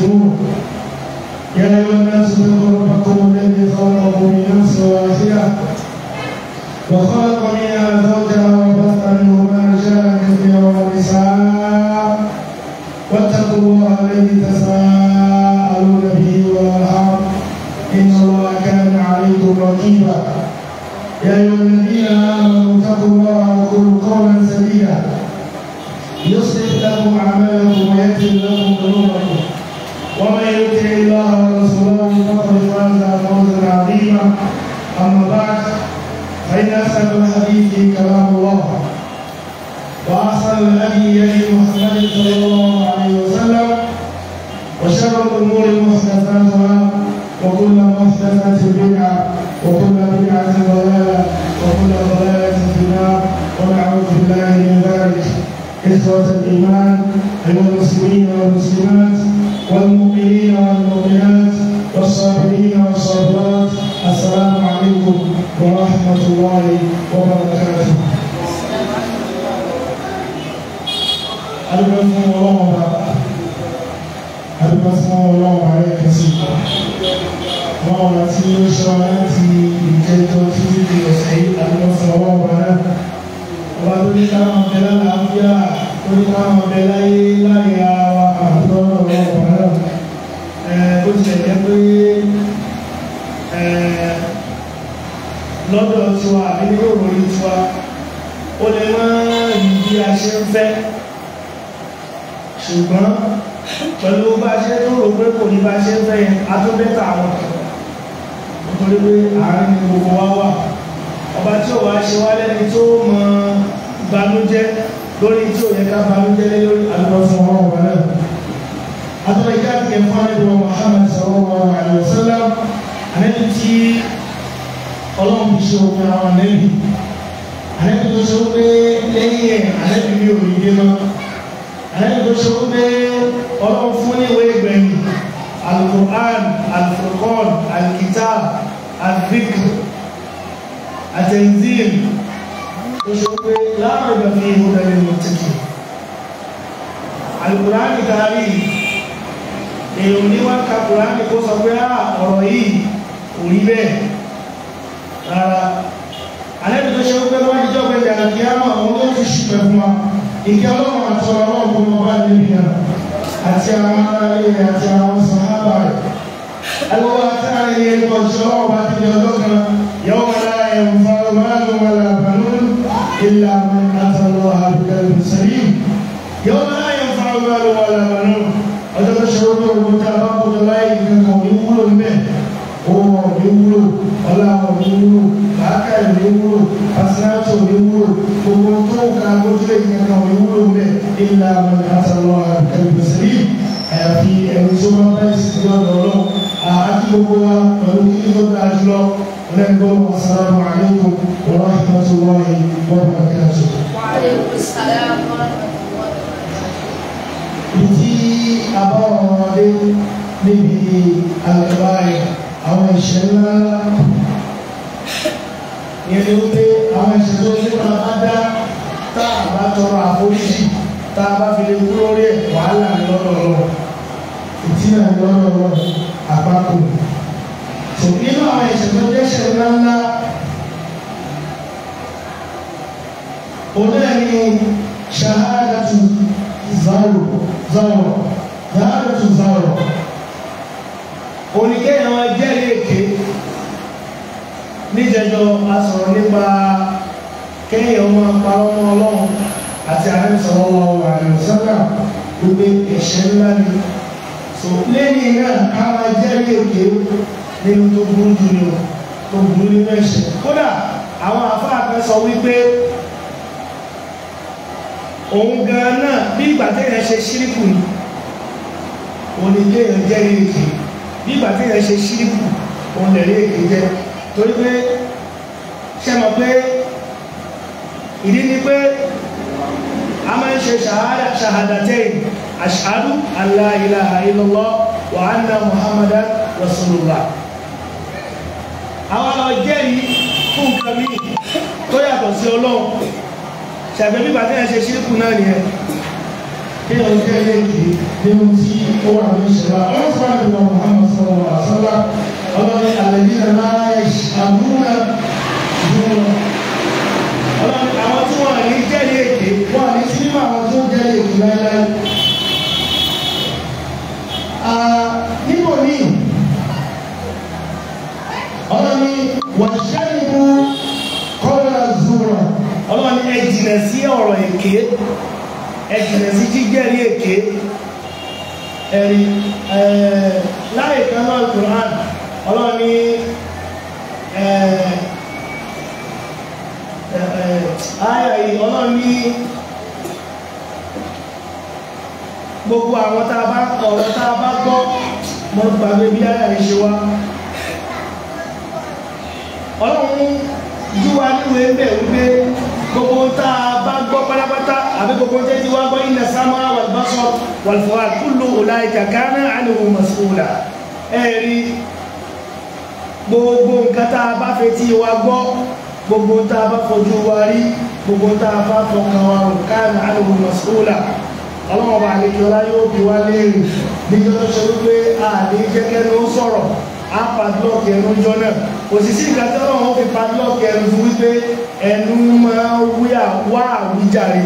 تشكرون يا أيها الناس اتقوا ربكم الذي خلقكم من نفس واحدة وخلق منها زوجها وبث منهما رجالا كثيرا ونساء واتقوا الله الذي تساءلون به والأرحام إن الله كان عليكم رقيبا يا أيها الذين آمنوا اتقوا الله وقولوا قولا سديدا يصلح لكم أعمالكم ويغفر لكم إخوة الإيمان من المسلمين والمسلمات والمؤمنين والمؤمنات والصابرين والصابرات السلام عليكم ورحمة الله وبركاته. أدعو اسم الله أدعو الله عليك سيدنا. Ọlọ́run àti oṣù láti ìjẹjọ títí di ọ̀sẹ̀ yìí àti ọ̀sẹ̀ ọlọ́run rẹ̀. Ọba tó ní káwọn lọ́dọ̀ tiwa àbí ní òròyìn tiwa ó lè máa rí bí a ṣe ń fẹ́ ṣùgbọ́n pẹ̀lú bá ṣe tó rò pé kò ní bá ṣe ń fẹ́ yẹn a tó bẹ́tà wọn nítorí pé àárín gbogbo wa wà ọba tí ò lórí tí o yẹ ká bá ń jẹ́lé lórí àtúntò ọ̀rọ̀ wọn náà. Àtúntò ìjà kìí fún àdébọ̀ Muhammad sallallahu alaihi wasallam àlẹ́bí tí ọlọ́run fi ṣe òkun àwọn àlẹ́bí. Àlẹ́bí tó ṣe pé lẹ́yìn ẹ̀ àlẹ́bí mi ò ní dé mọ́. Àlẹ́bí tó ṣe pé ọlọ́run fún níwèé ìgbẹ̀yìn Al-Qur'an, Al-Furqan, Al-Kitab, Al-Dhikr, At-Tanzil ìṣòpé láàrín ọ̀fí ìmúdàrí mọ̀tíkì alìkùránì tààrí èèyàn níwá ka kùránì kó sọ pé àà ah, ọ̀rọ̀ yìí kò rí bẹ́ẹ̀ rárá alẹ́bí tó ṣe wípé wọ́n ti jọ́ pé ìdàgbà kí á máa wọn tó fi ṣùpẹ̀ fún wa ìkẹ́ ọlọ́run àti ọ̀rọ̀ ọlọ́run kò mọ̀ bá níbi náà àti àwọn aráàlú rẹ̀ àti àwọn sàhábà rẹ̀ alùpùpù àti àrẹ̀yẹ ìkọ̀ṣọ́ ọ̀bá ti di ọlọ́ إلا من أتى الله بقلب سليم يوم لا ينفع مال ولا بنون ọjọ́ ṣòro ògbóta bá kó lọ láyé kankan ní wúlò mẹ́ ohun ọ̀gbìn wúlò ọláwọ̀ ní wúlò bàákà ní wúlò pàṣẹ́nàtò ní wúlò gbogbo tó ka lójú ìkankan ní wúlò mẹ́ ilà àmàlẹ́kàtàlọ́ àbẹ̀kẹ́lẹ́sẹ̀lì àyàfi ẹ̀rù tó máa bá ìsìnkú ọ̀dọ́ lọ àájú gbogbo wa pẹ̀lú kí ló dáa jùlọ نقول السلام عليكم ورحمة الله وبركاته وعليكم السلام ورحمة الله وبركاته إتي أبا رمضان نبي الكبائر أو الشلة yẹni ó pé àwọn ìṣẹ̀lẹ̀ onípa máa dá tá a bá tọrọ àforíjì tá a bá fi lè kú lórí ẹ̀ wàhálà ńlọ́rọ̀ lọ ìtí náà ńlọ́rọ̀ lọ àpapọ̀ ẹ̀ṣẹ̀ tó jẹ́ ẹ̀ṣẹ̀ ńláńlá onáà ni ṣahadatu zaro zaro ṣahadatu zaro oníkẹ́yìn àwọn jẹ́rìí èké níjẹjọ a sọ̀rọ̀ nípa kéèyàn máa pa ọmọ ọlọ́run àti àrẹ́sọ̀rọ̀ ọmọ àrẹ́sọ̀rọ̀ gbogbo ẹ̀ṣẹ̀ ńlá ni so lẹ́yìn náà ká máa jẹ́rìí èké nínú tó burú jù nínú tó burú nínú ẹ̀ṣẹ̀ kódà àwọn àfáà kan sọ wípé òun gan náà bí ìgbà téèyàn ṣe ṣíríkù ni oníléèyàn jẹ́ èkè bí ìgbà téèyàn ṣe ṣíríkù òun lẹ̀rí èkè jẹ́ torí pé ṣe mọ̀ pé ìdí ni pé a máa ń ṣe ṣàhàdàtẹ́yìn ashhadu an la ilaha illallah wa anna muhammadan àwọn lọ jẹ́rìí fún nǹkan míì tó yàtọ̀ sí ọlọ́run ṣàgbẹ́ bí bàtẹ́yà ṣe ṣírìkù náà nìyẹn kí ló ń jẹ́ ilé ìdí nínú tí ó wà ní ìṣẹ̀lá ọlọ́sọ̀ àdúrà Muhammad sọ̀rọ̀ àṣọlá ọlọ́ni àlẹ́bí náà máa àdúrà dúró ọlọ́ni àwọn tí wọ́n ní jẹ́rìí èdè wọ́n ní sí àwọn tó jẹ́rìí èdè láéláé wọ́n ṣẹ́yìnbó kọ́lá zura ọlọ́run ẹ jìnà sí ọ̀rọ̀ èké ẹ jìnà sí jíjẹ́rí èké ẹ̀rí láì kan náà Quran ọlọ́run ní ayọ̀ yìí ọlọ́run ní gbogbo àwọn tá a bá ọ̀rọ̀ tá a bá gbọ́ mọ́ gbàgbé bí ayọ̀ ṣe wá ọlọ́run yíwá níwèé ń bẹ̀ wípé gbogbo tá a bá gbọ́ pátápátá àbí gbogbo tẹ́ ti wá gbọ́ ilẹ̀ sámá wàlúbáṣọ wàlúfọwà kúlù ọ̀la ìjà gánà àlùkò mọ̀síkòlà ẹ̀rí gbogbo nǹkan tá a bá fetí wa gbọ́ gbogbo tá a bá fojú wa rí gbogbo tá a bá fọkàn wa rò gánà àlùkò mọ̀síkòlà ọlọ́run bá àlejò ọlá yóò bí wá léèrè níjọ́ tó ṣe wípé àdéjẹ́kẹ́ ló sọ̀rọ̀ a padlock ẹnu jọ náà kò sì sí ìgbà tí ọlọ́run fi padlock ẹnu fún wípé ẹnu máa wá àwíjàre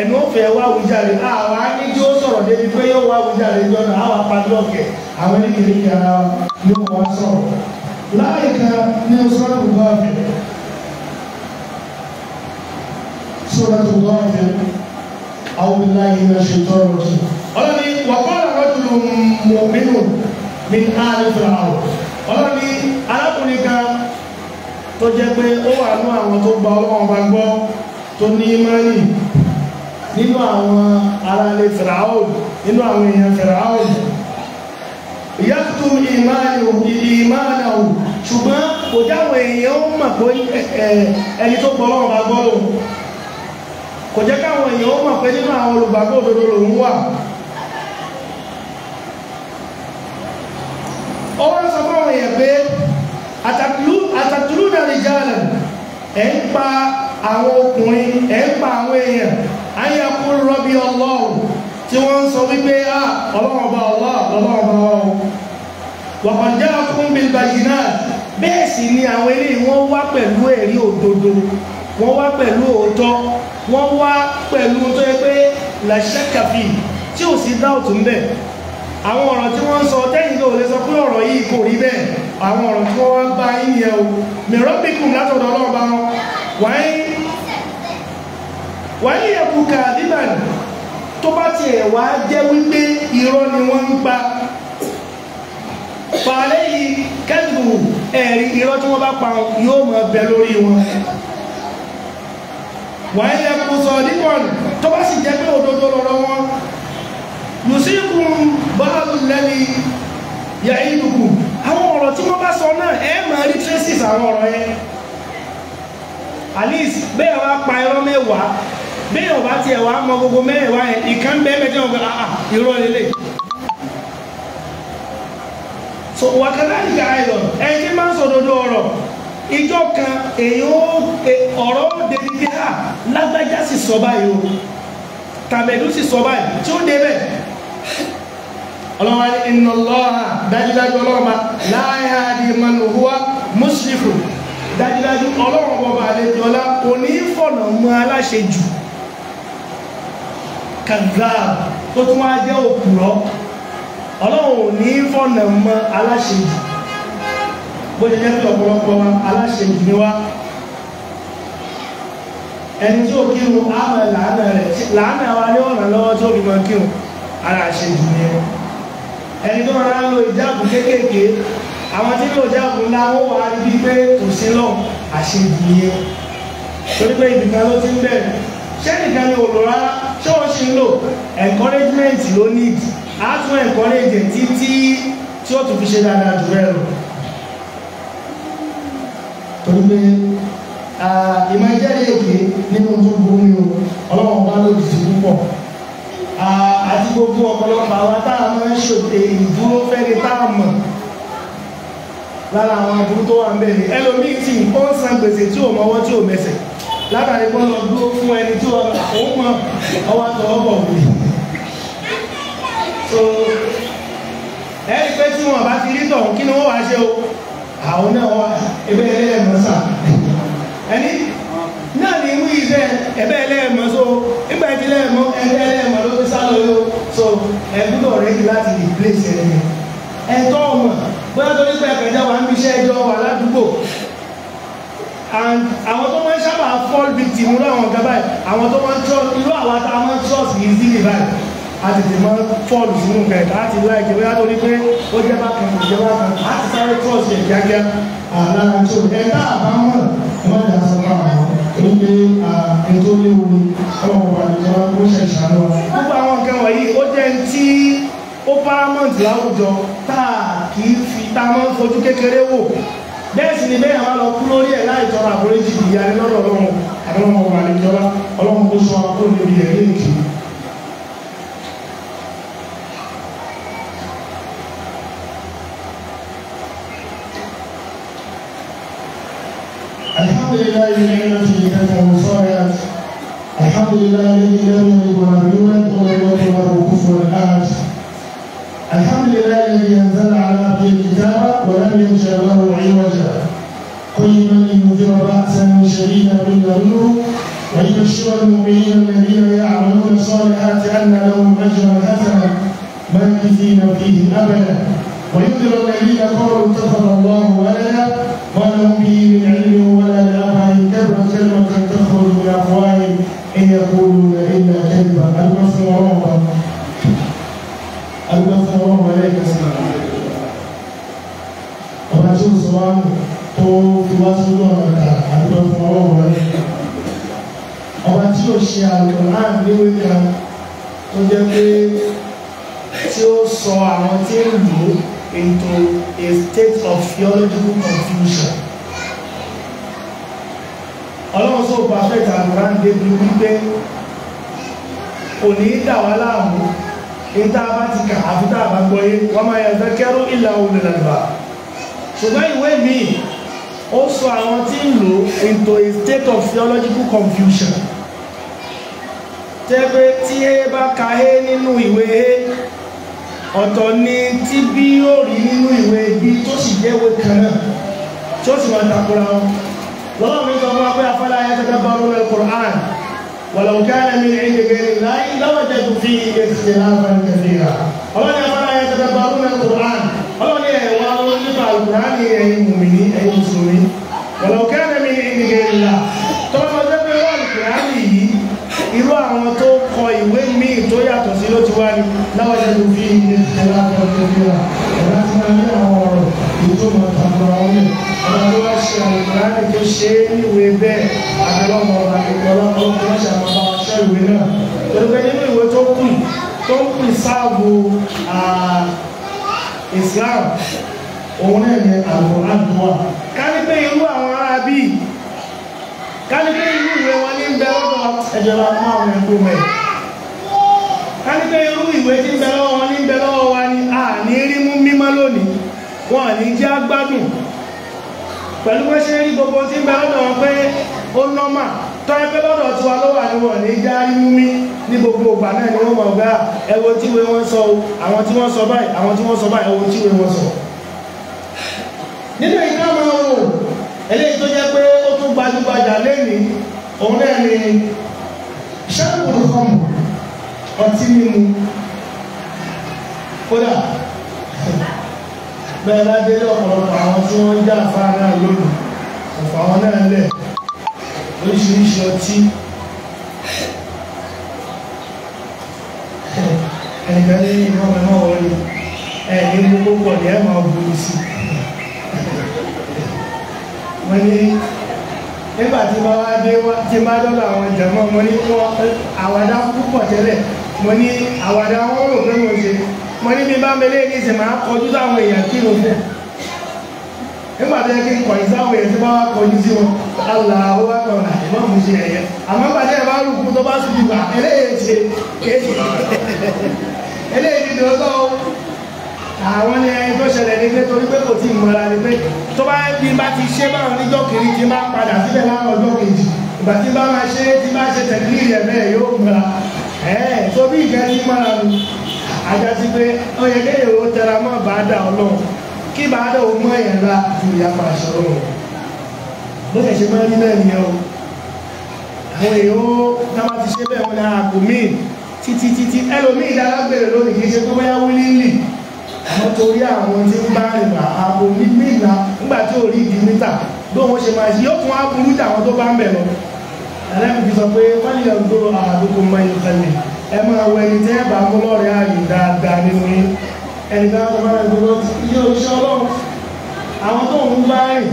ẹnu ó fẹ́ wá àwíjàre àwọn á ó sọ̀rọ̀ débi pé yóò wá àwíjàre jọ náà á padlock ẹ̀ àwọn ẹni kí ara ló wọ́n sọ̀rọ̀ láyé kan ní sọ́dọ̀ bùbá bẹ̀rẹ̀ سورة الغافر أو بالله من الشيطان الرجيم. قال وقال رجل مؤمن mi ààrẹ fúnra ọ̀ ni ní arákùnrin kan tó jẹ́ pé ó wà ní àwọn tó gba ọlọ́run bá gbọ́ tó ní imani nínú àwọn aráalé fúnra ọ̀ nínú àwọn èèyàn fúnra ọ̀ yàtú ìmáàlù ṣùgbọ́n kò jáwọ̀ èèyàn ó mọ̀ pé ẹni tó gbọ́ lọ́wọ́ bá gbọ́ kò jẹ́ káwọn èèyàn ó mọ̀ pé nínú àwọn olùgbàgbọ́ òdodo lòun wà ó wá sọ fún àwọn èèyàn pé àtàkùlù náà lè já lẹ̀ ẹ̀ ń pa àwọn ọkùnrin ẹ̀ ń pa àwọn èèyàn ayé akúrò rọ́bì ọlọ́run tí wọ́n ń sọ wípé à ọlọ́run ọba ọlọ́run ni àwọn eléyìí wọ́n wá pẹ̀lú ẹ̀rí òdodo wọ́n wá pẹ̀lú òótọ́ wọ́n wá pẹ̀lú tó yẹ pé tí ò sí dáòtú ń bẹ̀ àwọn ọ̀rọ̀ tí wọ́n ń sọ tẹ́yìn ló lè sọ pé ọ̀rọ̀ yìí kò rí bẹ́ẹ̀ àwọn ọ̀rọ̀ tí wọ́n bá yín yẹ o mìíràn bíkùn látọ̀dọ̀ ọlọ́ọ̀bá wọn wáyé ẹ̀kùnkà líbàní tó bá ti ẹ̀wà jẹ́ wípé irọ́ ni wọ́n ń pa fàálẹ́ yìí kẹ́lù ẹ̀rí irọ́ tí wọ́n bá pa yóò mọ̀ bẹ lórí wọn wáyé ẹ̀kùn sọ̀ líbàní tó bá sì jẹ́ pé òdodo lọ́rọ̀ wọn yùsíkùn báàbù lẹ́ni yàrá àwọn ọ̀rọ̀ tí wọ́n bá sọ náà ẹ máa rí traces àwọn ọ̀rọ̀ yẹn at bẹ́ẹ̀ wá pa ẹ̀rọ mẹ́wàá bẹ́ẹ̀ ọba tiẹ̀ wá mọ gbogbo mẹ́wàá yẹn ìkan bẹ́ẹ̀ bẹ́ẹ̀ tí wọ́n ah, ah, irọ́ lélẹ̀ so wàkàlà ìgbà ẹ̀rọ ẹ̀ tí máa ń sọ òdodo ọ̀rọ̀ ìjọ kan èyàn e, ọ̀rọ̀ dèbìdì hà ah, lágbájá sì sọ báyìí o tàbẹ̀dù sì sọ báyìí tí ó débẹ̀ ọlọ́wọ́ ní iná lọ́ha dájúdájú ọlọ́ọ̀bá láàyè àdìmọ́nù hùwà mùsùlùmù dájúdájú ọlọ́wọ́ bọ̀bà àlejò ọlá kò ní fọ̀nà mú aláṣẹ jù kàgbà tó tún wá jẹ́ òpùrọ́ ọlọ́wọ́ ò ní fọ̀nà mú aláṣẹ jù bó ṣe jẹ́ pé ọ̀pọ̀lọpọ̀ aláṣẹ jù ni wá ẹni tí ó kírun á làánà rẹ̀ làánà wa ní ọ̀nà lọ́wọ́ tó fi mọ kírun ara àṣejù ni wọn ẹni tó rárá lo ìjáàbù kéékèèké àwọn tí kò jáàbù ńlá ó wà á rí pé kò sí lọ àṣejù yẹn torí pé ibìkan ló ti ń bẹ̀rẹ̀ ṣé nìkan ni òlò rárá ṣé wọ́n ṣe ń lò encouragement ló need á tún encourage títí tí ó tún fi ṣe dáadáa jù bẹ́ẹ̀ lọ torí pé ìmọ̀ ìjẹ́rìí èké nínú tó burú ni o ọlọ́run bá lòdì sí púpọ̀ àti gbogbo ọ̀pọ̀lọpọ̀ àwa tá a máa ń ṣòtè ìdúró fẹ́ni tá a mọ̀ lára àwọn aburú tó wà ń bẹ̀rẹ̀ ẹlòmíì tí ó ń san gbèsè tí ò mọwọ́ tí ò mẹsẹ̀ látàrí kó lọ dúró fún ẹni tí òun mọ ọwọ́ àtọwọ́bọ̀ wù so ẹni pé tí wọn bá ti rí tọ̀hún kí ni wọ́n wá ṣe o àwọn náà wá ebe ẹlẹ́mọ̀ sà ẹni náà ni wíìsẹ̀ ẹbẹ́ ẹlẹ́mọ̀ so ìgbà ìdílé ẹlẹ́mọ̀ ló o ẹ gbúdọ̀ rẹ́dí láti replace ẹni ẹ̀tọ́ ọmọ bóyá tó ní pé ẹ̀kẹ́jà wà ń bí iṣẹ́ ẹjọ́ wà ládùúgbò and àwọn tó máa ń sábà fall victim irú àwọn ọ̀gá báyìí àwọn tó máa ń trust irú àwọn tá a máa ń trust yìí sí báyìí a tètè máa ń fall sínú nǹkan ẹ̀ka láti láìjẹ́ bóyá tó ní pé ó jẹ́ bákan kò jẹ́ bákan a ti sáré trust yẹn kíákíá àlára tó ẹ̀ka àbámọ̀ ẹ̀ má dà sí àyètò léwu ọlọ́run ọba ìjọba ó ṣe ìṣàánú wa. gbogbo àwọn nǹkan wọ̀nyí ó jẹ́ ń tí ó paramount láwùjọ tá a kì í lórí ẹ̀ láì tọrọ àforíjì ìyá rẹ لله الذي لم يلد ولم الحمد لله الذي انزل على عبده ولم يجعل له عوجا قيما لينذر باسا شديدا من لدنه ويبشر المؤمنين الذين يعملون الصالحات ان لهم اجرا حسنا ماكثين فيه ابدا وينذر الذين dà wá láàmú ètà bá ti kà àfi bá gbọ́ yé wọ́n máa yàtọ̀ kẹ́rù ìlà òun lẹ́lẹ́gbà ṣùgbọ́n ìwé mi ó sọ àwọn tí ń lò into a state of theological confusion tẹ́ tí ẹ bá ka é nínú ìwé é ọ̀tọ̀ ni tí bí yóò rí nínú ìwé bí tó sì jẹ́ ìwé kan náà tí ó sì máa takora wọn lọ́wọ́ mi sọ fún wa pé afárá ayẹyẹ tẹ́tẹ́ bá wọn lọ́wọ́ ولو كان من عند غير الله لوجدوا فيه اختلافا كثيرا ọlọ́ni afárá yẹn tẹ́tẹ́ bá ọdún mẹ́rin kùrán ọlọ́ni ẹ̀ wá ló nípa kùrán ní ẹ̀yin mùmìnì ẹ̀yin mùsùlùmí ولو كان من عند غير الله tọ́lá ọjọ́ pé wọ́n kùrán yìí irú àwọn tó kọ ìwé míì tó yàtọ̀ sí ló ti wá ní láwọn ẹ̀dùn fi ìdílé ìdílé àpọ̀ ìdílé ìdílé ìdílé tó máa ta ọ̀rọ̀ ọ̀hún ọ̀rọ̀ tó wá ṣe àlùkùránì tó ṣe é níwèé bẹ́ẹ̀ àtàlọ́mọ ọ̀rọ̀ àtìkọ́lá tó ń kọ́ ṣàmọ́ bá ṣọ́ ìwé náà lọ́gbẹ́ nínú ìwé tó kù tó ń pè sáàbù Islam òun náà ni àlùkùránì tó wà kárí pé irú àwọn arábí kárí pé irú ìwé wọn ní bẹ́ẹ̀ lọ́dọ̀ ẹ̀jọ̀ ní jẹ́ agbádùn pẹ̀lú wọ́n ṣe rí gbogbo tí ń bẹ lọ́dọ̀ wọn pé ó nọ́mà tọ́ ẹgbẹ́ lọ́dọ̀ tí wọn ló wà ní wọn ní já inú mi ní gbogbo ìgbà náà ni wọ́n mọ̀ gbá ah, ẹwọ tí wọ́n wọ́n sọ o àwọn tí wọ́n sọ báyìí àwọn tí wọ́n sọ báyìí ẹwọ tí wọ́n sọ. nínú ìgbà máa wò eléyìí tó jẹ́ pé ó tún gbajúgbajà lẹ́nìí òun náà ni ṣáàbùrù kọ́mù ọtí mímu kódà bẹ́ẹ̀ ládélé ọ̀pọ̀lọpọ̀ àwọn tí wọ́n já afárá lónìí ọ̀pọ̀ àwọn náà lẹ̀ oríṣiríṣi ọtí ẹnìkan lé ní ìmọ̀ ẹ̀mọ́ wọlé ẹ̀yìn mú gbogbo ọ̀dẹ̀ ẹ̀ máa burú sí wọ́n ní nígbà tí bá wá dé wá tí bá dọ́dọ̀ àwọn jẹ̀mọ́ mo ní wọ́n àwàdà púpọ̀ tẹ́lẹ̀ mo ní àwàdà wọn rò pé mo ṣe mo ní mi bá ń belé ní ìsìn máa kọjú sáwọn èèyàn kí ló fẹ́ nígbà tó yẹ kí n kọ̀yìn sáwọn èèyàn tí wọ́n wá kọjú sí wọn àlà ó wá kọ̀ ọ̀nà ìmọ̀ mú ṣe ẹ̀yẹ àmọ́ nígbà tí ẹ bá rúkú tó bá sùn jùlọ eléyìí ṣe kéèké eléyìí ti dòótọ́ o àwọn ní ẹni tó ṣẹlẹ̀ ní pé torí pé kò tí ì mọra ni pé tó bá bí bá ti ṣe báwọn níjọ́ kiri ti máa padà síbẹ̀ láwọn ọjọ́ kejì ìgbà tí bá máa ṣe ti máa ṣe tẹ̀kílì ẹ̀ yóò mọra ẹ̀ẹ́ tó bí ìgẹ́ ti mọra ni àjásí pé ó yẹ kéèyàn ó tẹra mọ́ bàádà ọlọ́run kí bàádà ó mọ́ èèyàn ra ju ìyapa àṣọrọ̀ wọn bó ṣe ṣe máa rí náà nìyẹn o àwọn èèyàn ó dáwà ti ṣe bẹ́ẹ̀ wọn ní àpò ah, míì títí títí ẹlòmíì ìdálábẹ̀rẹ̀ lónìí kì í ṣe pé bóyá wúlí lì àwọn torí àwọn tí ń bá rìnà àpò ah, mímí ìlà nígbà tí ò rí ìdí mítà bí wọ́n ṣe máa ṣe yóò tún á burú jà àwọn tó bá ń bẹ̀ lọ ẹlẹ́mìí sọ pé wọ́n lè gbọ́ àdókò mọ́ ẹ máa wọ ẹni tẹ́ bá kó lọ́rẹ̀ ààyè dáadáa nínú yín ẹni tẹ́ bá máa gbogbo iye òṣìṣẹ́ ọlọ́run àwọn tó ń bá rìn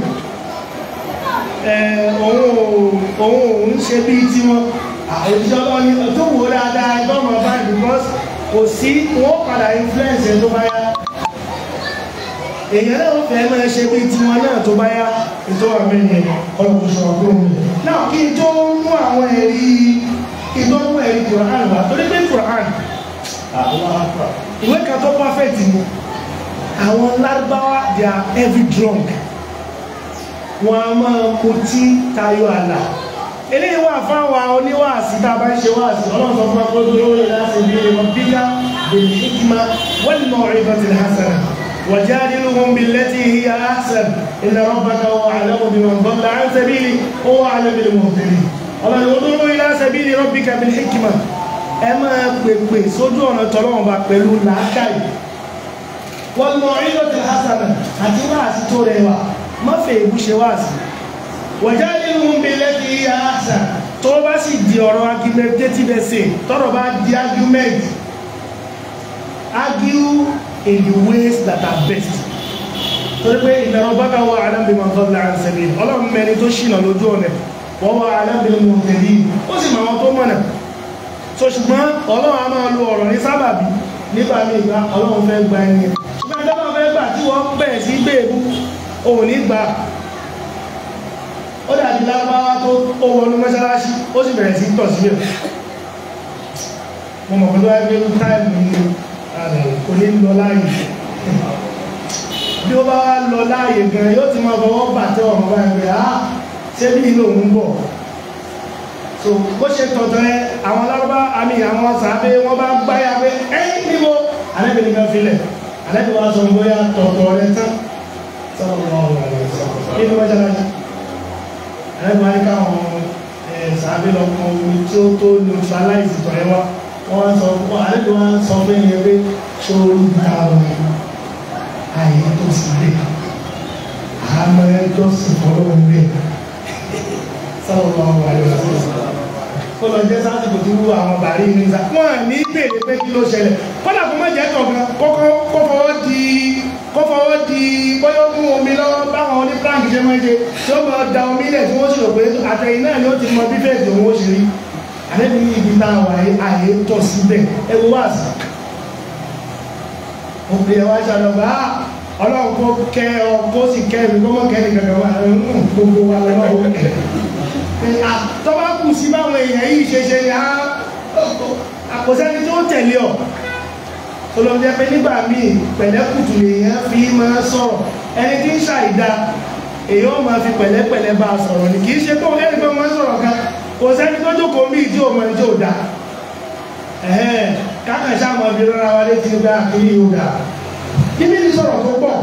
òun òun ṣe bí tí wọn òṣìṣẹ́ ọlọ́run tó wò dáadáa ẹgbẹ́ ọmọ báyìí because kò sí wọn padà influence ẹ tó bá yá èèyàn náà fẹ́ máa ṣe bí tiwọn náà tó bá yá ètò àmì ẹ̀yẹ ọlọ́kùnrin ṣọ̀rọ̀ kúrò náà kí n tó mú àwọn ẹ̀rí ìdánwò ẹ̀rí Quran wa torí pé Quran ìwé kan tó perfect ni àwọn lárúbáwá they are heavy drunk wọn a máa kọtí tayọ àlà eléyìí wà fáwọn oníwàásí tá a bá ń ṣe wàásí ọlọ́run sọ fún akọ́jú lórí láti ilé ìwọ̀n bíyà bèèrè hikima wọ́n ní mọ̀ ọ̀rẹ́ ìbọ̀tì hasana وجادلهم بالتي هي أحسن إن ربك هو أعلم بمن ضل عن سبيله هو أعلم بالمهتدين ọlọ́ni olóró ilá ṣẹbí ni rọ́bì kẹ́mìlì hikima ẹ máa pèpè sójú ọ̀nà tọ́lọ́wọ́n bá pẹ̀lú làákàyè wọ́n mọ ìlú ti hasana àti wáàsí tó rẹwà má fẹ́ èbú ṣe wáàsí wọ́jà nínú mi lẹ́bi àṣà tó bá sì di ọ̀rọ̀ argumentative essay tọ́rọ̀ bá di argument argue in the ways that are best torí pé ìlànà bá kan wà àdàbìmọ̀ tó ń la àṣẹ mi ọlọ́run mẹ́ni tó ṣìnà lójú ọ̀nà wọ́n wá alábìnrin mú tẹ̀lé ó sì mọ̀ tó mọ̀nà so ṣùgbọ́n ọlọ́run a máa lo ọ̀rọ̀ ní sábàbí nígbà míì gba ọlọ́run fẹ́ gba ẹni ṣùgbọ́n ẹgbẹ́ náà fẹ́ gbà tí wọ́n bẹ̀ sí gbèbú e òun ní gbà ó dàbí lágbára tó ó wọnú mọ́ṣáláṣí ó sì bẹ̀rẹ̀ sí tọ̀ síbẹ̀ mo mọ̀ pẹ̀lú ẹgbẹ́ táìmù ni kò ní lọ láàyè bí ó bá lọ láàyè gan yóò ti máa fọwọ́ bàtẹ́ ọ̀rọ̀ báyìí ah, tẹ́bí inú òun bọ̀ so bó ṣe tọ̀tọ̀ ẹ àwọn alábá àmì àwọn sàábé wọ́n bá gbáyà pé ẹ̀yìn níbo alẹ́bí nìkan filẹ̀ alẹ́bí wa sọ bóyá tọ̀tọ̀ rẹ tán sọ̀rọ̀ wọn wà lọ sọ̀rọ̀ kí ni wọ́n jẹ́ lájà alẹ́bí wa ní káwọn sàábé lọ kọ omi tí ó tó neutralize tọ̀ ẹ wá wọ́n sọ fún alẹ́bí wa sọ fún yẹn pé ṣòro ìta wọn àyè tó sì àmọ́ ẹ tó sì fọlọ́wọ́ sọ́wọ́ ọmọ àlọ́ kó lọ jẹ́ sásìkò tí wú àwọn bàrí ní sá wọ́n ní bèèrè pé kí ló ṣẹlẹ̀ kọ́dà kó má jẹ́ kọ̀ọ̀kan kó fọwọ́ di kó fọwọ́ di bóyá ó mú omi lọ báwọn oní frank ṣe máa ṣe tí ó máa da omi lẹ̀ tí wọ́n sì rò pé àtẹ̀yìn náà ni ó ti mọ bí bẹ́ẹ̀ tó wọ́n ṣe rí àlẹ́bí ní ibi tá a wà yé àyè tọ̀ síbẹ̀ ẹ wo wá sí. òbí ẹ wá ṣàlọ́gbà ọlọ́run kó kẹ́ ọ kó sì kẹ́ mi kó mọ̀ kẹ́ mi kankan wà gbogbo wa lọ́wọ́ kẹ́ mi ni a tọ́ba kù sí báwọn èèyàn yìí ṣe ṣe ni àkọsẹ́ni tó tẹ̀lé ọ̀ olóòjẹ́ pé nígbà míì pẹ̀lẹ́kùtù èèyàn fi máa sọ̀rọ̀ ẹni tí ń ṣàìdá èèyàn máa fi pẹ̀lẹ́pẹ̀lẹ́ bá sọ̀rọ̀ ní kìí ṣe tó lẹ́rìí pé wọ́n sọ̀rọ̀ kan kò sẹ́ni tó jókòó bí ìdí òmò ìjọ òdà kákan sáàmù ọbẹ̀ rárá wa létí gba àkíní òdà kí ni sọ̀rọ̀ tó pọ̀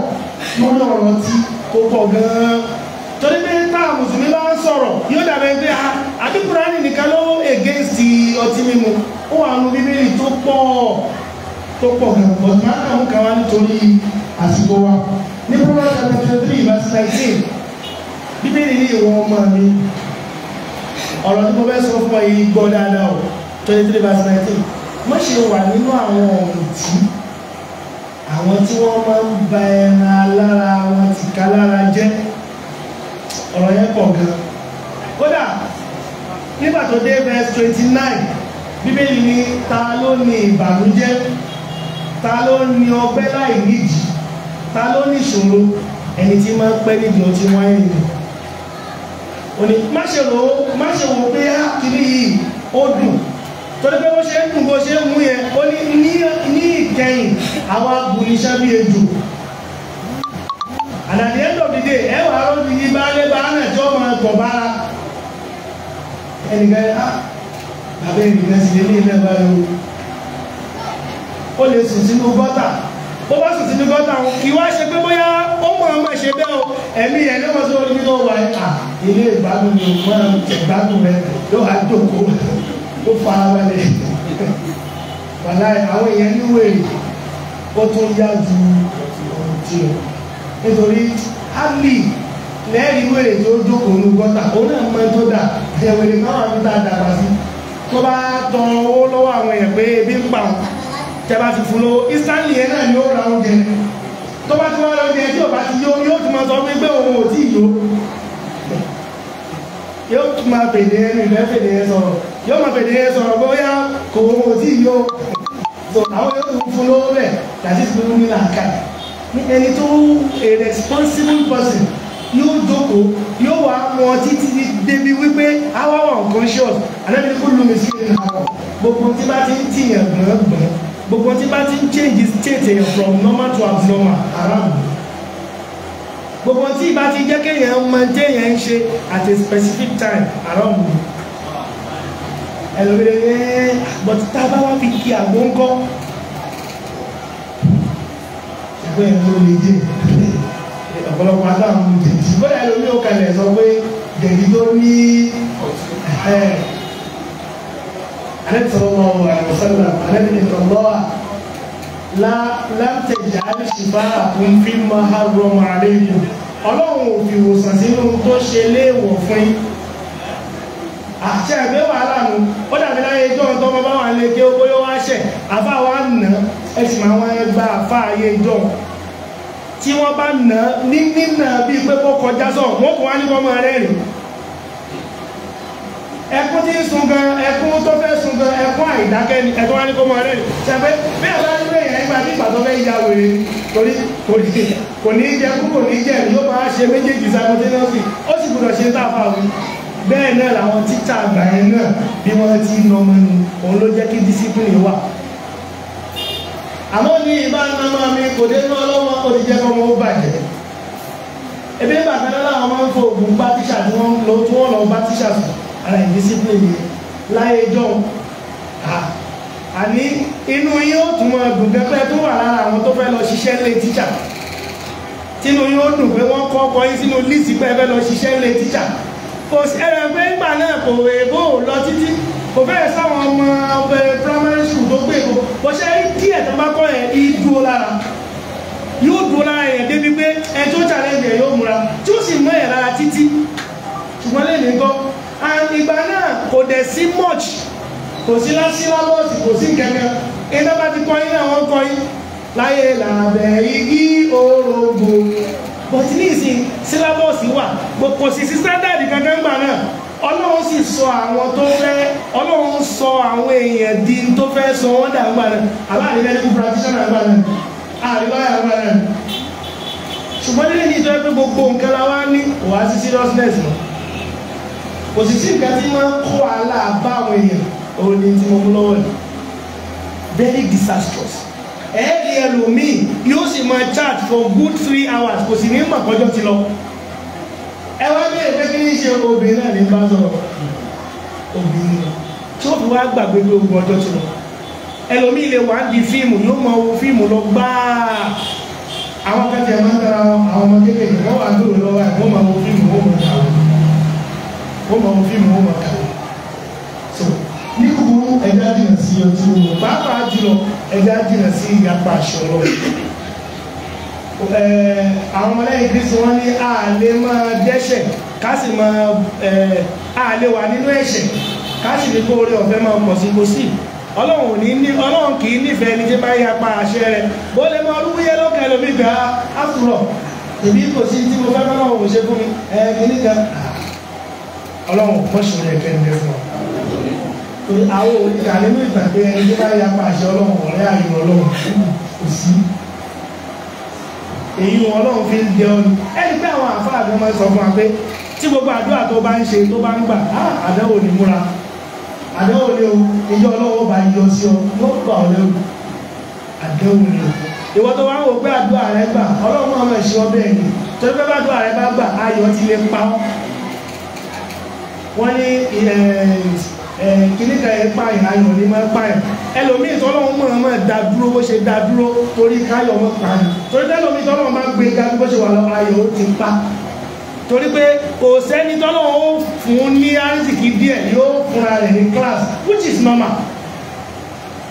lórí ọ̀rọ̀ tí tó pọ̀ gan-an torí pé táà mùsùlùmí bá ń sọ̀rọ̀ yóò dàbẹ̀ pé àbí kúránì nìkan ló against ọtí mímu ó wà nù bíbélì tó pọ̀ tó pọ̀ gan but máa kàn ń kàn wá nítorí àsìkò wa ní proverbs chapter twenty three verse nineteen bíbélì ní ìwọ ọmọ mi ọ̀rọ̀ tí mo fẹ́ sọ fún ọ yìí gbọ́ dáadáa o twenty three verse nineteen má ṣe wà nínú àwọn ọ̀rùn tí àwọn tí wọ́n máa ń ba ẹran alára wọn tìka lára jẹ́ ọ̀rọ̀ yẹn pọ̀ gan kódà nígbà tó dé verse twenty nine bíbélì ni ta ló ní ìbànújẹ́ ta ló ní ọgbẹ́ láì nídìí ta ló ní ìṣòro ẹni tí máa ń pẹ́ nídìí ọtí wáyé nìyẹn òní má ṣe wò ó má ṣe wò ó pé á ah, kiri yìí ó dùn torí pé bó ṣe ń dùn bó ṣe ń mú yẹn ó ní ní ìkẹyìn àwa bù níṣẹ́ bí and at the end of the day ẹ wà á lọ́dún yìí bá lé bá á náà tí ó máa tọ̀ bá ẹnìkan yẹn ah bàbá ènìyàn sì lé ní ilé ẹgbẹ́ rẹ o lè sùn sínú gọ́tà bó bá sùn sínú gọ́tà o ìwà ṣe pé bóyá ó mọ̀ ọ́n mọ̀ ṣe bẹ́ẹ̀ o ẹ̀mí yẹn ní wọ́n sọ orí nínú wà ẹ̀ à ilé ìgbádùn ni wọ́n ìgbádùn rẹ yóò wá jókòó ó fara balẹ̀ wàláì àwọn èèyàn níwèé ó tún yá ju ọ̀rọ̀ tí nítorí ábì lẹ́ẹ̀rí wèrè tó jókòó ní gọ́tà òun náà mọ tó dà jẹ̀wèrè náà wà níta dàgbà sí tó bá tọrọ owó lọ́wọ́ àwọn èèyàn pé ebi ń pa wọn ti fún lówó ìsánlì ẹ̀ náà ni ó ra oúnjẹ tó bá ti wá ra oúnjẹ tí ò bá ti yó yóò ti máa sọ fún pé òun ò tí ì yó yóò tún máa bèdè ẹnu ìfẹ́ bèdè ẹ sọ̀rọ̀ yóò máa bèdè ẹ sọ̀rọ̀ bóyá kò òun ò tí ì yó àwọn yóò tún fún lówó ní ẹni tó a responsible person yóò jókòó yóò wá wọn títí débi wípé our unconscious anábìrì kò lómi sí ìrìn àwọn gbogbo tí bá ti ń tìyàn gbọ̀ngbọ̀n gbogbo tí bá ti ń change state èèyàn from normal to abnormal around gbogbo tí bá ti jẹ́ kéèyàn mọ téèyàn ṣe at a specific time around ẹlòmíràn ẹ but tá a bá wá fi kí àgbóńkọ́ bẹ́ẹ̀ ló lè dé ọ̀pọ̀lọpọ̀ adáhùn jẹ̀dí bóyá lómi ò kalẹ̀ sọ pé jẹ̀dí tó ní alẹ́ sọ̀rọ̀ mọ́ ọ̀rọ̀ àlùsọ́lá alẹ́ mi nìkan lọ́wọ́ látẹ̀jà àlùsùbá àkún fi máa ha rọ mọ́ àlẹ́ yìí ọlọ́run ò fi wòsàn sínú tó ṣe léèwọ̀ fún yín àti àgbẹ̀ wàhálà nu ó dàbí láyé ijó ọ̀tọ́ bàbá wà lè ké ó bóyá wá ṣẹ̀ àbá wa nà ẹ̀ sì máa àfáà ayé ijó tí wọ́n bá nà ní nínà bíi pé kó kọjá sọ wọ́n kò wá ní kọ́mọ rẹ̀ rìn ẹkún tí ń sun gan ẹkún tó fẹ́ sun gan ẹkún àìdákẹ́ ni ẹ̀tọ́ wá ní kọ́mọ rẹ̀ rìn ṣàfẹ́ bí ẹ̀ bá ní bẹ́ẹ̀ yẹn nígbà tí ìgbà tó fẹ́ ya wèrè torí kò ní jẹ kú kò ní jẹ yóò máa ṣe méjèèjì simultaneously ó sì gbọdọ̀ ṣe tá a fà wí bẹ́ẹ̀ náà làwọn títà àgbà yẹn náà bí wọ́n ti ń nọmọ àmọ́ ní ìbá nàmá mi kò dé ní ọlọ́mọ òdìjẹ́ kọ́mọ ó bàjẹ́ ebi nígbà kan náà àwọn máa ń fọ oògùn bá tíṣà tí wọ́n lọ tí wọ́n lọ bá tíṣà sùn ara ìdísípìlì yẹn láyé jọ àní inú yín ó tún máa dùn gẹ́gẹ́ tó wà lára àwọn tó fẹ́ lọ ṣiṣẹ́ lé tíṣà tínú yín ó dùn pé wọ́n kọ́ ọkọ yín sínú líìsì pé ẹ fẹ́ lọ ṣiṣẹ́ lé tíṣà kò sí ẹ̀rọ pé ńgbà náà kò wé lọ títí kò fẹ́ẹ̀ sáwọn ọmọ ọbẹ̀ primary school tó gbé kó bọ́ ṣe díẹ̀ tó bá kọ́ ẹ̀ ìdúró lára yóò dúró lára ẹ̀ débi pé ẹ tó challenge ẹ̀ yóò múra tí ó sì mọ ẹ̀ lára títí ṣùgbọ́n lẹ́nu nǹkan ìgbà náà kò dẹ̀ sí much kò sí lásìlábọ̀sì kò sí kẹ̀kẹ́ iná bá ti kọ́ yín náà wọ́n kọ́ yín láyé làbẹ̀ igi orógbó bọ̀tí ní ìsìn sílábọ̀sì wà kò sí sí standard kankan gbà náà ọlọ́run sì sọ àwọn tó fẹ́ ọlọ́run sọ àwọn èèyàn di tó fẹ́ sọ wọ́n dà gbà rẹ̀ aláàrí medical practitioner gbà rẹ̀ àríwáyà gbà rẹ̀ ṣùgbọ́n nílé ní ìjọba pé gbogbo nǹkan la wá ní kò wá sí seriousness mọ́ kò sì sí nǹkan tí máa ń kó àlà bá àwọn èèyàn òun ni tí mo mú lọ́wọ́ rẹ̀ very disastrous ẹ̀ẹ́dì ẹlòmíì yóò sì máa chat for good three hours kò sì ní mọ̀ kọjọ́ ti lọ ẹ wá bẹ́ẹ̀ pé kí ní ṣe obìnrin náà ní bá sọ̀rọ̀ obìnrin náà tí ó fi wá gbàgbé gbogbo ọjọ́ ti lọ ẹlòmíì lè wá di fíìmù yóò mọ owó fíìmù lọ gbáà àwọn akẹ́kẹ́ máa ń tara àwọn ọmọ kékeré wọ́n wà lóru lọ́wọ́ ẹ̀ wọ́n mọ owó fíìmù wọ́n mọ kàwé wọ́n mọ owó fíìmù wọ́n mọ kàwé so ní kúkúrú ẹ̀dá jìnnà sí ọtí wọn pàápàá jùlọ ẹ̀dá jìnnà sí ìyapa àṣọ lọ́wọ́. Eh, àwọn ọmọlẹ́yìn kristu wọ́n ní àlè máa dẹ́ṣẹ̀ ká sì máa àlè eh, wà nínú ẹ̀ṣẹ̀ ká sì ní kó orí ọ̀fẹ́ máa pọ̀ sí gbòsì ọlọ́run ní ọlọ́run kì í nífẹ̀ẹ́ ní tí bá yá pa àṣẹ rẹ̀ bó lè máa rúwúyẹ́ lọ́kàn ẹlòmíì gbà ah, á fúrọ̀ èmi kò sí tí mo fẹ́ bá wọn ò ṣe fún mi ẹ eh, kìíní kan ọlọ́run kò ṣe orí ẹ̀fẹ́ nílẹ̀ fún ọ àwọn òní kà nínú ìtàgbé ẹni tí bá yá pa àṣẹ ọlọ́run ọ̀rẹ́ àyè ọlọ́run kò sí èyí wọn náà fi ń jẹun ẹni pé àwọn àfáà kan máa ń sọ fún wa pé tí gbogbo àdúrà tó bá ń ṣe tó bá ń gbà á àdánwò ní múra àdánwò ní o ìjọ ọlọ́wọ́ bá yọ sí ọ yóò gbà ọ lẹ́rù àdánwò ní o ìwọ tó wá ń wò pé àdúrà rẹ gbà ọlọ́run máa máa ṣe ọ bẹ́ẹ̀ ni torí pé bá àdúrà rẹ bá gbà ayọ̀ ti lè pa ọ́ wọ́n ní kìnnì kan yẹn pààyàn ayọ̀ ní máa pààyàn ẹlòmíì tọ́lọ́run mọ̀ ọ́n máa da dúró bó ṣe da dúró torí káyọ̀ wọn pààyàn torí tẹ́lòmíì tọ́lọ́run máa gbé ga bó ṣe wà lọ ayọ̀ ó ti pa torí pé kò sẹ́ni tọ́lọ́run ó fún ní àrísìkì díẹ̀ yóò fúnra rẹ̀ ní class which is normal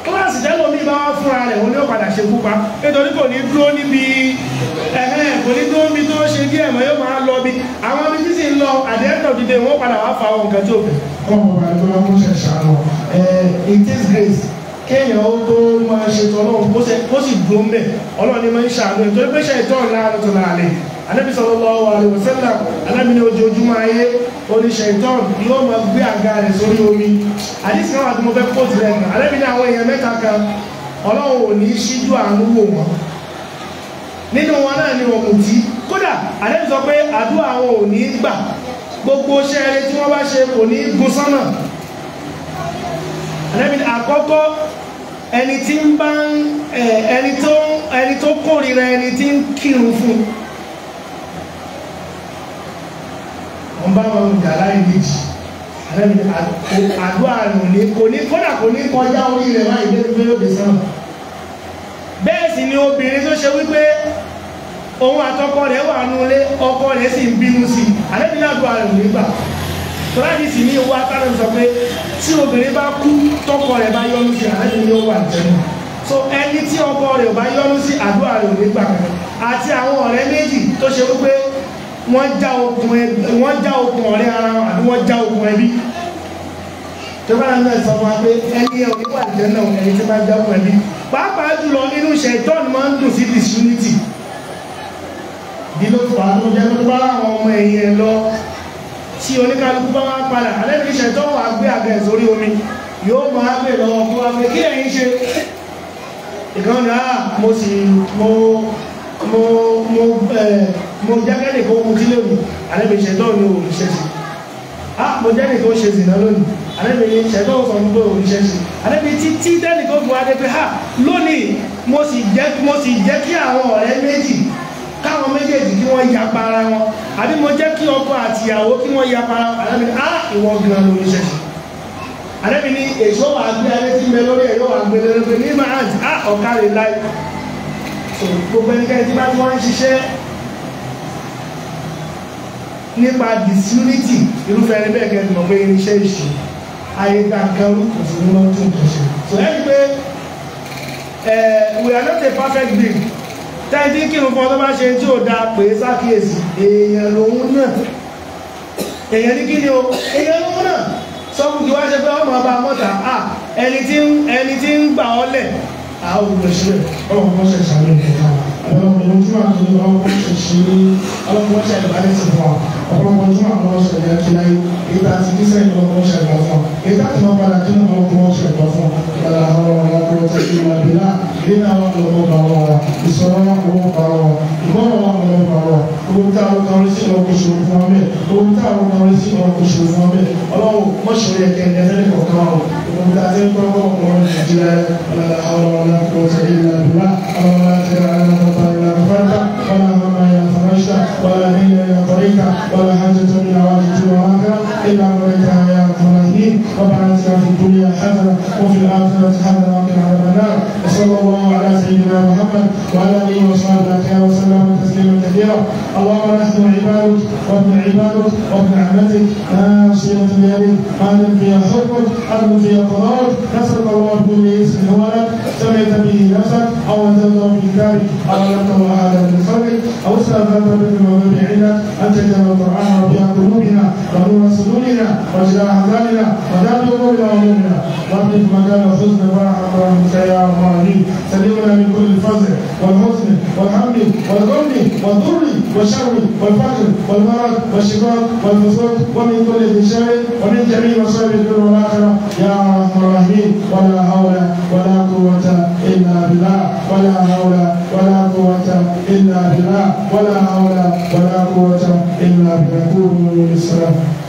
kíláàsì tẹ́lọ̀ mi bá wá fúnra rẹ̀ ó ní ó padà ṣe pupa nítorí kò ní dúró níbi kò ní dúró níbi tó ṣe díẹ̀ mọ́ yóò máa lọ bí àwọn ibi tí sì ń lọ àdéhùn dídé wọn padà wá fa ohun kan tí ò fẹ́. kọ́mọ bá tó lọ kún ṣẹ̀ṣà lọ it is grace kéèyàn ó tó máa ṣètò ọlọ́run kó sì dúró ń bẹ̀ ọlọ́run ni máa ń ṣàánú ẹ̀ torí pé ṣe ìtọ́ ọ̀la àtọ̀là àlẹ́ anabi sallallahu alaihi wasallam anabi ní ojoojúmọ́ ayé oníṣẹ́ ìtọ́n yóò máa gbé àga rẹ̀ sórí omi àdìsí náà àti mo fẹ́ kó tilẹ̀ kan anabi ní àwọn èèyàn mẹ́ta kan ọlọ́run ò ní ṣíjú àánú wò wọ́n nínú wọn náà ni ọ̀mùtí kódà anabi sọ pé àdúrà àwọn ò ní gbà gbogbo iṣẹ́ rere tí wọ́n bá ṣe kò ní gun sánà anabi àkọ́kọ́ ẹni tí ń bá ẹni tó kórìíra ẹni tí ń kírun fún un wọ́n bá wọn jà láì méjì àlẹ́bí àdúrà rùn ní kò ní kódà kò ní kọjá orí rẹ̀ láì dé pé ó dé sàn. bẹ́ẹ̀ sì ni obìnrin tó ṣe wípé òun àtọkọ rẹ̀ wà nulẹ̀ ọkọ rẹ̀ sì ń bínú sí i àlẹ́bí àdúrà rùn nígbà tọ́lájì sì ní owó akára sọ pé tí obìnrin bá kú tọkọ rẹ̀ bá yọ́nú sí àlẹ́bí ni ó wà jẹ́nu so ẹni tí ọkọ rẹ̀ bá yọ́nú sí àdúrà rẹ̀ gbà àti àwọn ọ̀rẹ́ méjì tó ṣe wípé wọ́n já okùn ọ̀rẹ́ ara wọn àbí wọ́n já okùn ẹbí tọ́gbà náà sọ fún wa pé ẹni ẹ̀ oníwà ìjẹ́ náà ẹni tí bá já okùn ẹbí pàápàá jùlọ inú ṣẹ̀tọ́nù máa ń dùn sí disunity bí ló fà á jẹ́ tó bá àwọn ọmọ ẹ̀yìn ẹ̀ lọ tí oníkálukú bá wá padà alẹ́ fi ṣẹ̀tọ́nù wà gbé àgbẹ̀ sórí omi yóò máa bè lọ́wọ́ fún wa pé kí ẹ̀yin ṣe ìkànnì àá ah, mo sì mo mo mo ẹ eh, mo jákè ní kó mutí lónìí àlẹ́bí ṣẹ̀tọ́ ni òun ṣe sí a ah, mo jẹ́ ní kó ṣe sí náà lónìí àlẹ́bí ṣẹ̀tọ́ sọ fún pé òun ṣe sí àlẹ́bí títí dẹ́ni fún wa ah, ha lónìí mo sì jẹ́ mo sì jẹ́ kí àwọn ọ̀rẹ́ méjì káwọn méjèèjì kí wọ́n ya para wọn àbí mo jẹ́ kí ọkọ àtìyàwó kí wọ́n ya para wọn àlẹ́bí a ah, ìwọ gan ló ń ṣe sí àlẹ́bí ni èso wà á gbé alẹ́ tí ń bẹ lórí ẹ̀ yóò wà á gbé so gbogbo ẹgbẹ́ tí bá tí wọ́n ń ṣiṣẹ́ nípa disunity irúfẹ́ ẹni bẹ́ẹ̀ kẹ́ni mọ̀ pé irinṣẹ́ ìṣù ayé gbà kan kò sí ní wọ́n tún tún ṣe so ẹ rí pé we are not a perfect being tẹ́ẹ̀tì kírun fún ọ tó bá ṣe tí ò dáa pé sákìyèsí èèyàn lòun náà èèyàn ní kí ni o èèyàn lòun náà sọ́kùnkì wá ṣe pé ọmọ ọba mọ́ta ẹni tí ń gbà ọ́ lẹ̀ àwọn olùgbèsè ọlọ́run kọ́ ṣe ṣàlẹ̀ ìdẹ̀ta ọlọ́run ojú àti ọlọ́run ṣe ṣe ọlọ́run ṣe ìbálẹ̀ sí fún wa ọlọ́run ojú àwọn ọ̀ṣẹ̀ ìyá ti láyé ìta àti dísẹ́ ìlọ́run ṣe ìgbà fún ìta àti wọn padà kí wọn kọ́ ṣe ìgbà fún ìlànà àwọn ọ̀rọ̀ ọ̀rọ̀ tẹ̀síwájú náà nínú àwọn ohun tá àwọn kan rí sí ọkọ̀ ṣòro fún wọn bẹ́ẹ̀ ohun tá àwọn kan rí sí ọkọ̀ ṣòro fún wọn bẹ́ẹ̀ ọlọ́run mọ̀ṣọ́ yẹ kẹ́ni ẹ̀fẹ́ kọ̀ọ̀kan o ohun tá a ti ń kọ́ kọ́ ọ̀pọ̀lọpọ̀ nàìjíríà ọ̀làlà àwọn ọ̀là kọ̀ọ̀tà ìlà àdúrà àwọn àtẹ̀rà àlàkọ̀tà ìlà àfẹ́ńtà ọ̀là àmàmà ìlà àfẹ́ńtà ọ̀là ìlà àfẹ́ńtà ọ̀là àjẹtọ̀ ìlà àjẹtọ̀ ìlà àkàrà ìlà àmàmà ìlà àfẹ́ńtà ọ̀là ìlà àfẹ́ńtà وفي الآخرة حسنة وقنا عذاب النار وصلى الله على سيدنا محمد وعلى آله وصحبه أجمعين وسلم تسليما كثيرا اللهم نحن عبادك وابن عبادك وابن عمتك ناصية بيدك قادم في حكمك عدل في قضاءك نسألك الله بكل اسم هو لك سمعت به نفسك أو أنزلته في كتابك أو أنزلته تر أحدا من أوسع فاتا بك ومن بعيدا أن تجعل القرآن ربيع قلوبنا ونور صدورنا وجلاء أحزاننا وذات أمورنا وأمورنا واقف مكان الحزن فرحا ورحمة يا الراحمين سلمنا من كل الفزع والحزن والهم والغم والضر والشر والفقر والمرض والشقاق والفسوق ومن كل ذي ومن جميع مصائب الدنيا والآخرة يا أرحم ولا حول ولا قوة إلا بالله ولا حول ولا قوة إلا بالله ولا حول ولا قوة إلا بالله السلام